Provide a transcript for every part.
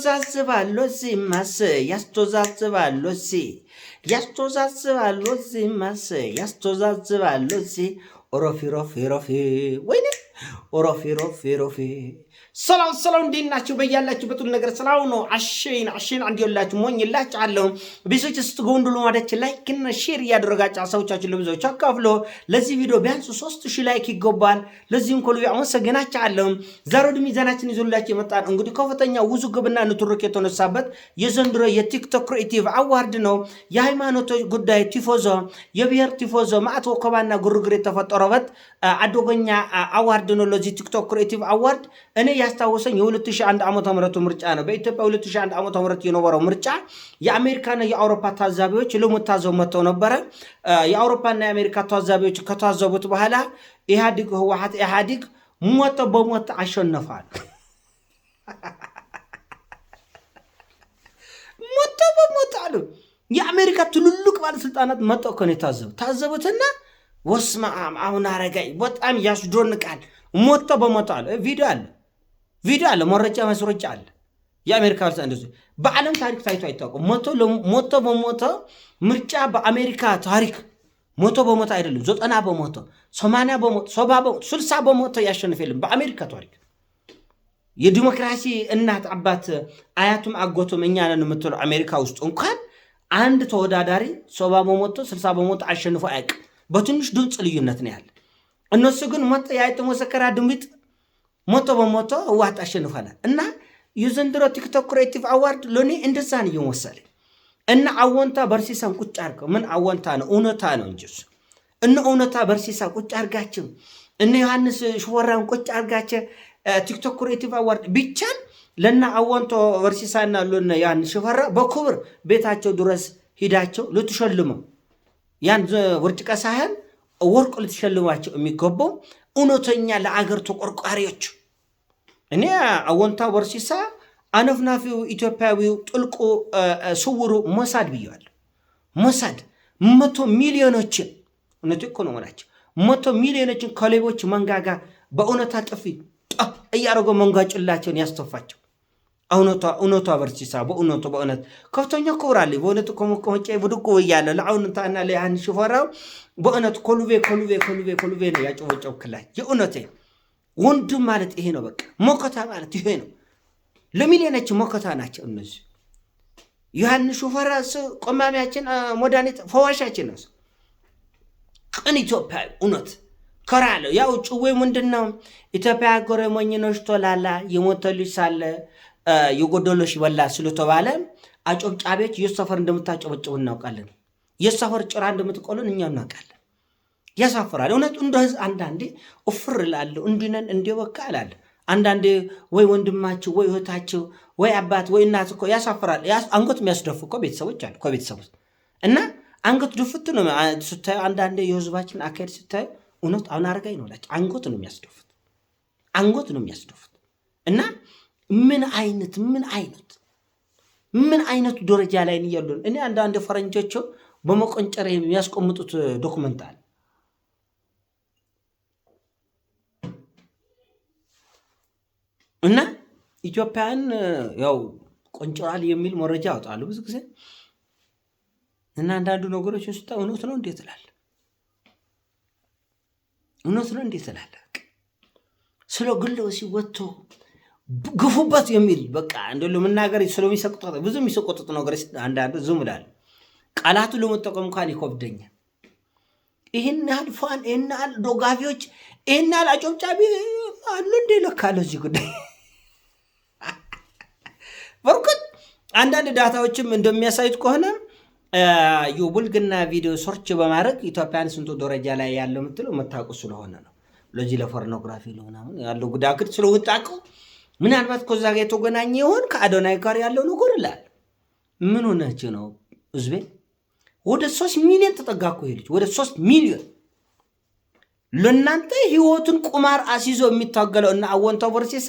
ያስተዛዝባሉ እዚህማስ ያስተዛዝባሉ እዚህ ያስተዛዝባሉ እዚህማስ ያስተዛዝባሉ እዚህ ኦሮፊ ሮፊ ሮፊ ወይኔ ኦሮፊ ሮፊ ሮፊ ሰላም ሰላም፣ እንዴት ናችሁ? በያላችሁ ሁሉ ነገር ሰላም ነው። አሸን አሸን አንድ ያላችሁ ሞኝላችሁ አለሁ ቢሶች ስትጎንድሉ ማደች ላይክ እና ሼር እያደረጋችሁ ሀሳቦቻችሁን ለብዙዎች አካፍሎ ለዚህ ቪዲዮ ቢያንስ ሶስት ሺህ ላይክ ይገባል። ለዚህም ሁሉ አመሰግናችሁ አለሁ። ዛሬ ወደ ሚዛናችን ይዞላችሁ የመጣን እንግዲህ ከፍተኛ ውዝግብና ንትርክ የተነሳበት የዘንድሮ የቲክቶክ ክሪኤቲቭ አዋርድ ነው። የሃይማኖት ጉዳይ ቲፎዞ፣ የብሔር ቲፎዞ፣ ማዕት ወከባና ግርግር የተፈጠረበት አደገኛ አዋርድ ነው። ለዚህ ቲክቶክ ክሪኤቲቭ አዋርድ እኔ ያስታወሰኝ የ2001 ዓ ም ምርጫ ነው። በኢትዮጵያ 2001 ዓ ምህረት የነበረው ምርጫ የአሜሪካና የአውሮፓ ታዛቢዎች ለመታዘብ መጥተው ነበረ። የአውሮፓና የአሜሪካ ታዛቢዎች ከታዘቡት በኋላ ኢህአዲግ ህወሓት ኢህአዲግ ሞተ በሞተ አሸነፋል። ሞተ በሞተ አሉ። የአሜሪካ ትልልቅ ባለስልጣናት መጠው እኮ የታዘቡ ታዘቡትና ወስማ አሁን አረጋይ በጣም ያስደንቃል። ሞተ በሞተ አሉ። ቪዲዮ አለ ቪዲዮ አለ፣ መረጃ ማስረጃ አለ። የአሜሪካ ምርጫ እንደዚ በዓለም ታሪክ ታይቶ አይታወቅም። ሞቶ በሞቶ ምርጫ በአሜሪካ ታሪክ ሞቶ በሞቶ አይደለም፣ ዘጠና በሞቶ ሰማንያ በመቶ ሰባ በመቶ ስልሳ በሞቶ ያሸንፍ የለም በአሜሪካ ታሪክ። የዲሞክራሲ እናት አባት አያቱም አጎቱም እኛ ነን የምትለው አሜሪካ ውስጥ እንኳን አንድ ተወዳዳሪ ሰባ በሞቶ ስልሳ በሞቶ አሸንፎ አያውቅም። በትንሽ ድምፅ ልዩነት ነው ያለ። እነሱ ግን ሞት የአይጥ መሰከራ ድምፅ ሞቶ በመቶ ህወሓት አሸንፈናል እና የዘንድሮ ቲክቶክ ክሬቲቭ አዋርድ ሎኒ እንደዛን እየመሰለ እና አወንታ በርሲሳን ቁጭ አርገው ምን አወንታ ነው እውነታ ነው እንጂ እነ እውነታ በርሲሳ ቁጭ አርጋቸው እነ ዮሐንስ ሽወራን ቁጭ አርጋቸ ቲክቶክ ክሬቲቭ አዋርድ ብቻን ለና አወንቶ በርሲሳና ሎነ ዮሐንስ ሽፈራ በክብር ቤታቸው ድረስ ሂዳቸው ልትሸልሙ ያን ወርጭቀ ሳህን ወርቅ ልትሸልማቸው የሚገባው እውነተኛ ለአገር ተቆርቋሪዎች እኔ አወንታ ወርሲሳ አነፍናፊው ኢትዮጵያዊው ጥልቁ ስውሩ ሞሳድ ብየዋለሁ። ሞሳድ መቶ ሚሊዮኖችን እውነቱ እኮ ነው ሆናቸው መቶ ሚሊዮኖችን ከሌቦች መንጋጋ በእውነታ ጥፊ እያደረገው መንጋጭላቸውን ያስተፋቸው እውነቷ በርሲሳ በእውነቱ በእውነት ከፍተኛ ክብራል በእውነቱ ከመቆመጫ ብድቁ እያለ ለአውንታና ለያን ሽፈራው በእውነት ኮሉቤ ኮሉቤ ኮሉቤ ኮሉቤ ነው ያጨበጨብክላቸው የእውነቴ ወንድም ማለት ይሄ ነው። በቃ ሞከታ ማለት ይሄ ነው። ለሚሊዮናችን ሞከታ ናቸው እነዚህ። ዮሐንስ ሾፈራ ቆማሚያችን፣ መድኃኒት ፈዋሻችን ነው። ቅን ኢትዮጵያዊ እውነት ከራለሁ ያው ጭዌ ምንድን ነው ኢትዮጵያ ሀገረ ሞኝኖች ቶላላ የሞተ ልጅ ሳለ የጎደሎሽ ይበላ ስለተባለ አጨብጫቢዎች የሰፈር እንደምታጨበጭቡ እናውቃለን። የሰፈር ጭራ እንደምትቆሉን እኛ እናውቃለን። ያሳፍራል። እውነቱ እንደ አንዳንዴ እፍር እላለሁ። እንዲነን እንዲወካ እላለሁ። አንዳንዴ ወይ ወንድማቸው ወይ እህታቸው ወይ አባት ወይ እናት እኮ ያሳፍራል። አንገት የሚያስደፉ እኮ ቤተሰቦች አሉ። ከቤተሰብ እና አንገት ድፍት ነው ስታዩ። አንዳንዴ የህዝባችን አካሄድ ስታዩ እውነት አሁን አረጋኝ ይኖላቸ አንገት ነው የሚያስደፉት። አንገት ነው የሚያስደፉት እና ምን አይነት ምን አይነት ምን አይነቱ ደረጃ ላይ እያሉ እኔ አንዳንድ ፈረንጆቹ በመቆንጨር የሚያስቆምጡት ዶክመንት አለ እና ኢትዮጵያን ያው ቆንጭራል የሚል መረጃ ያወጣሉ ብዙ ጊዜ እና አንዳንዱ ነገሮችን ስታ እውነት ነው እንዴት ላል እውነት ነው እንዴት ላል ስለ ግለው ሲወጥቶ ግፉበት የሚል በቃ እንደ ለመናገር ስለሚሰቁጥ ብዙ የሚሰቆጥጥ ነገር አንዳንዱ ዝም ላል ቃላቱ ለመጠቀም እንኳን ይከብደኛል። ይህን ያህል ፋን፣ ይህን ያህል ደጋፊዎች፣ ይህን ያህል አጨብጫቢ አሉ እንዴ ለካ ለዚህ ጉዳይ በርኩት አንዳንድ ዳታዎችም እንደሚያሳዩት ከሆነ የብልግና ቪዲዮ ሰርች በማድረግ ኢትዮጵያን ስንቱ ደረጃ ላይ ያለው የምትለው መታወቁ ስለሆነ ነው። ሎጂ ለፎርኖግራፊ ለሆናሁን ያለው ጉዳክት ስለውጣቁ ምናልባት ከዛ ጋር የተገናኘ ይሆን ከአዶናይ ጋር ያለው ነገር ይላል። ምን ሆነች ነው ህዝቤ? ወደ ሶስት ሚሊዮን ተጠጋኩ ሄልች ወደ ሶስት ሚሊዮን ለእናንተ ህይወቱን ቁማር አስይዞ የሚታገለው እና አወንተ ቦርሴሳ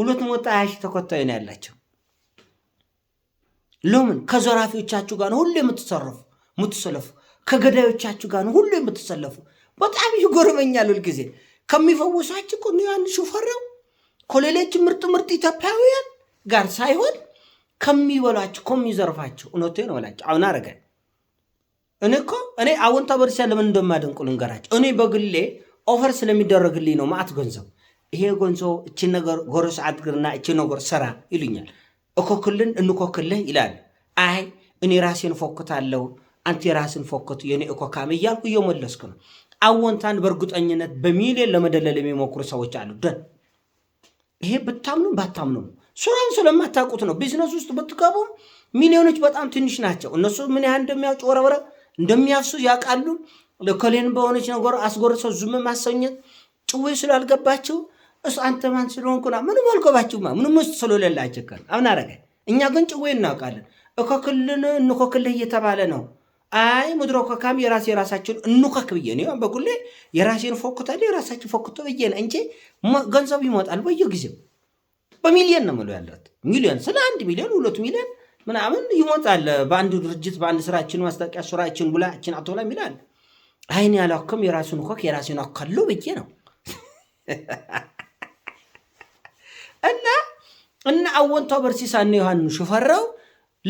ሁለት መቶ ሀያ ሺህ ተከታይ ነው ያላቸው። ለምን ከዘራፊዎቻችሁ ጋር ሁሉ የምትሰረፉ የምትሰለፉ? ከገዳዮቻችሁ ጋር ሁሉ የምትሰለፉ። በጣም ይጎርመኛል ሁልጊዜ ከሚፈውሳችሁ እኮ ዮሐንስ ሽፈራው ከሌሎች ምርጥ ምርጥ ኢትዮጵያውያን ጋር ሳይሆን ከሚበሏችሁ ከሚዘርፋችሁ፣ እውነቴን ነው ላቸው አሁን አረገ እኔ እኮ እኔ አሁን ተበርሲያ ለምን እንደማደንቁ ልንገራቸው። እኔ በግሌ ኦፈር ስለሚደረግልኝ ነው ማአት ገንዘብ ይሄ ገንዘብ እቺ ነገር ጎረስ አድግርና እቺ ነገር ስራ ይሉኛል። እኮክልን እንኮክልህ ይላል። አይ እኔ ራሴን ፎክታለሁ፣ አንተ የራስን ፎክት የኔ እኮካም እያልኩ እየመለስክ ነው። አወንታን በእርግጠኝነት በሚሊዮን ለመደለል የሚሞክሩ ሰዎች አሉ። ደን ይሄ ብታምኑም ባታምኑም ሱራን ስለማታውቁት ነው። ቢዝነስ ውስጥ ብትገቡ ሚሊዮኖች በጣም ትንሽ ናቸው። እነሱ ምን ያህል እንደሚያውጭ ወረወረ እንደሚያሱ ያውቃሉ። ለኮሌን በሆነች ነገር አስጎርሰው ዙም ማሰኘት ጭዌ ስላልገባቸው እሱ አንተ ማን ስለሆንኩና ምንም አልቆባችሁማ ምንም ውስጥ ስለሌላችሁ አምን አረገ። እኛ ግን ጭዌ እናውቃለን። እኮክልን እንኮክልህ እየተባለ ነው። አይ ምድሮ ኮካም የራሴ የራሳችን እንኮክ ብዬ ነው በጉሌ የራሴን ፎክታል የራሳችን ፎክቶ ብዬ ነው እንጂ ገንዘቡ ይመጣል በየጊዜው በሚሊዮን ነው ምለው ያለት ሚሊዮን ስለ አንድ ሚሊዮን ሁለት ሚሊዮን ምናምን ይመጣል። በአንድ ድርጅት በአንድ ስራችን ማስታወቂያ ስራችን ብላችን አቶ ላይ ሚላል አይን ያላኩም የራሱን ኮክ የራሴን አካሉ ብዬ ነው እና እና አወንቶ በርሲሳ እና ዮሐኑ ሽፈራው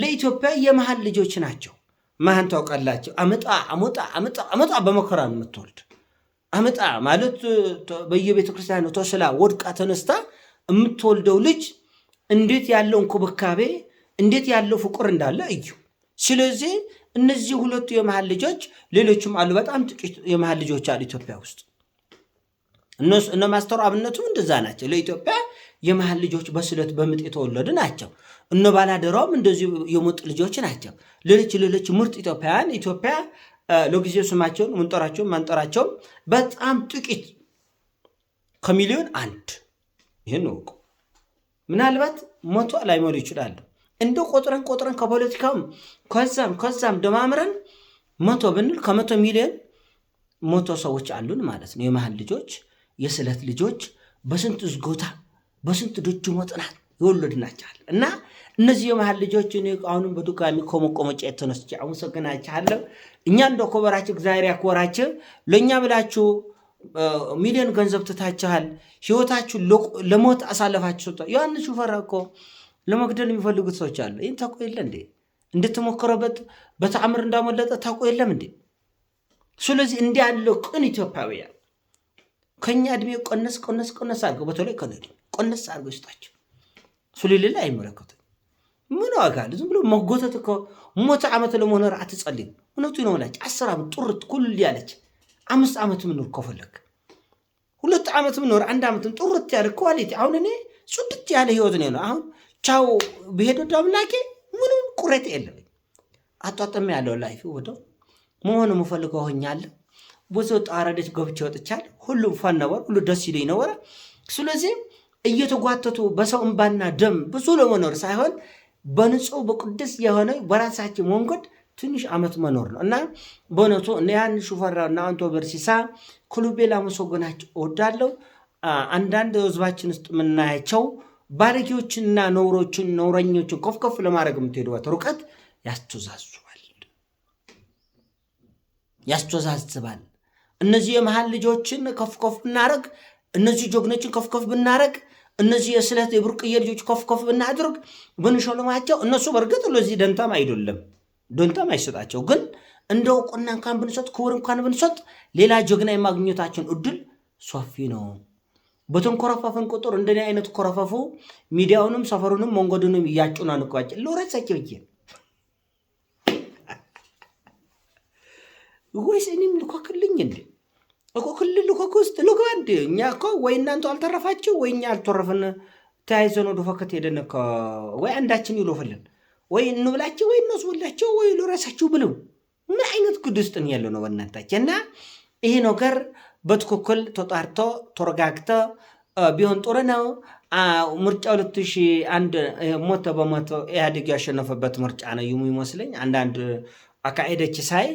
ለኢትዮጵያ የመሀል ልጆች ናቸው። መሀን ታውቃላቸው። አመጣ አመጣ አመጣ አመጣ በመከራ ነው የምትወልድ አመጣ ማለት በየቤተ ክርስቲያኑ ተስላ ወድቃ ተነስታ የምትወልደው ልጅ እንዴት ያለው እንክብካቤ እንዴት ያለው ፍቅር እንዳለ እዩ። ስለዚህ እነዚህ ሁለቱ የመሀል ልጆች ሌሎችም አሉ። በጣም ጥቂት የመሀል ልጆች አሉ ኢትዮጵያ ውስጥ። እነ ማስተር አብነቱም እንደዛ ናቸው ለኢትዮጵያ የመሀል ልጆች በስለት በምጥ የተወለዱ ናቸው። እነ ባላደራውም እንደዚሁ የሙጥ ልጆች ናቸው። ሌሎች ሌሎች ምርጥ ኢትዮጵያውያን ኢትዮጵያ ለጊዜው ስማቸውን ምንጠራቸውም ማንጠራቸውም በጣም ጥቂት ከሚሊዮን አንድ ይህን እውቁ። ምናልባት መቶ ላይሞሉ ይችላሉ። እንደ ቆጥረን ቆጥረን ከፖለቲካውም ከዛም ከዛም ደማምረን መቶ ብንል ከመቶ ሚሊዮን መቶ ሰዎች አሉን ማለት ነው። የመሀል ልጆች፣ የስለት ልጆች በስንት ዝጎታ በስንት ዶቹሞ ጥናት የወለድናቸዋል እና እነዚህ የመሃል ልጆች እኔ አሁንም በድጋሚ ከመቆመጫ የተነስቼ አመሰግናችኋለሁ። እኛ እንደ ኮበራችሁ እግዚአብሔር ያክበራችሁ። ለእኛ ብላችሁ ሚሊዮን ገንዘብ ትታችኋል። ህይወታችሁ ለሞት አሳለፋችሁ። ዮሐንስ ሹፈራ እኮ ለመግደል የሚፈልጉት ሰዎች አሉ። ይህን ታውቆ የለ እንዴ? እንድትሞክረበት በተአምር እንዳመለጠ ታውቆ የለም እንዴ? ስለዚህ እንዲህ ያለው ቅን ኢትዮጵያውያን ከእኛ እድሜ ቀነስ ቀነስ ቀነስ አድርገው በተለይ ከነድ ቆነስ አድርጎ ይስጧቸው። ፍልል ላይ አይመለከቱም። ምን ዋጋ አለ? ዝም ብሎ መጎተት እኮ ሞተ ዓመት ለመሆነ ለመኖር አትጸልዩ። እውነቱ ይነውላች አስር ዓመት ጡርት ኩል ያለች አምስት ዓመት ምኖር ከፈለግ ሁለት ዓመት ምኖር አንድ ዓመትም ጡርት ያለ ኳሊቲ። አሁን እኔ ጽድት ያለ ህይወት ነው ነው አሁን ቻው ብሄድ ወደ አምላኬ ምንም ቁረት የለም። አጧጠሚ ያለው ላይፍ ወደ መሆኑ የምፈልገው ሆኛለሁ። ብዙ ጣረደች ገብቼ ወጥቻለሁ። ሁሉም ፋን ነበር፣ ሁሉ ደስ ይለኝ ነበረ። ስለዚህ እየተጓተቱ በሰው እንባና ደም ብዙ ለመኖር ሳይሆን በንጹህ በቅዱስ የሆነ በራሳችን መንገድ ትንሽ አመት መኖር ነው እና በእውነቱ ያን ሹፈራው እና አንቶ በርሲሳ ክሉቤ ላመሰግናቸው እወዳለሁ። አንዳንድ ህዝባችን ውስጥ የምናያቸው ባለጌዎችንና ነውሮችን ነውረኞችን ከፍከፍ ለማድረግ የምትሄዱበት ሩቀት ያስተዛዝባል ያስተዛዝባል። እነዚህ የመሀል ልጆችን ከፍከፍ እናደረግ እነዚህ ጀግኖችን ከፍከፍ ብናረግ እነዚህ የስለት የብርቅዬ ልጆች ከፍከፍ ብናድርግ ብንሸልማቸው እነሱ በእርግጥ ለዚህ ደንታም አይደለም ደንታም አይሰጣቸው ግን እንደ እውቅና እንኳን ብንሰጥ ክብር እንኳን ብንሰጥ ሌላ ጀግና የማግኘታችን እድል ሰፊ ነው። በተንኮረፋፈን ቁጥር እንደኔ አይነት ኮረፈፉ ሚዲያውንም ሰፈሩንም መንገዱንም እያጨናንቋቸው ለረሳቸው እ ወይስ እኔም ልኳክልኝ እንዴ? እኮ ክልል እኮ ውስጥ ልግባ እንደ እኛ እኮ ወይ እናንተ አልተረፋችሁ ወይ እኛ አልተረፍን። ተያይዘን ወደ ፈከት ሄደን ወይ አንዳችን ይሎፈልን ወይ እንብላቸው ወይ እንወስብላችሁ ወይ ለራሳችሁ ብለው ምን አይነት ጉድ ውስጥ ነው ያለው ነው በእናታችን። እና ይህ ነገር በትክክል ተጣርቶ ተረጋግተ ቢሆን ጥሩ ነው። ምርጫ ሁለት ሺህ አንድ ሞተ በሞተ ኢህአዴግ ያሸነፈበት ምርጫ ነው ይሙ ይመስለኝ አንዳንድ አካሄደች ሳይ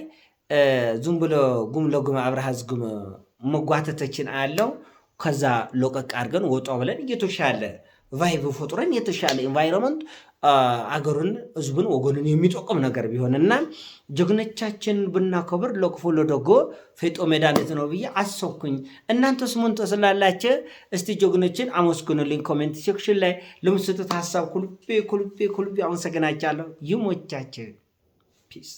ዝም ብሎ ጉም ለጉም አብርሃ ዝጉም መጓተተችን አለው። ከዛ ሎቀቅ አድርገን ወጦ ብለን እየተሻለ ቫይብ ፈጥረን የተሻለ ኢንቫይሮመንት አገሩን፣ ህዝቡን፣ ወገኑን የሚጠቁም ነገር ቢሆንና ጀግኖቻችን ብናከብር ለክፉ ለደጎ ፌጦ መድኃኒት ነው ብዬ አሰብኩኝ። እናንተስ ምን ትስላላችሁ? እስቲ ጀግኖችን አመስግኑልኝ ኮሜንት ሴክሽን ላይ ለምስጡት ሀሳብ ኩልቤ ኩልቤ ኩልቤ አመሰግናችኋለሁ። ይሞቻችሁ ፒስ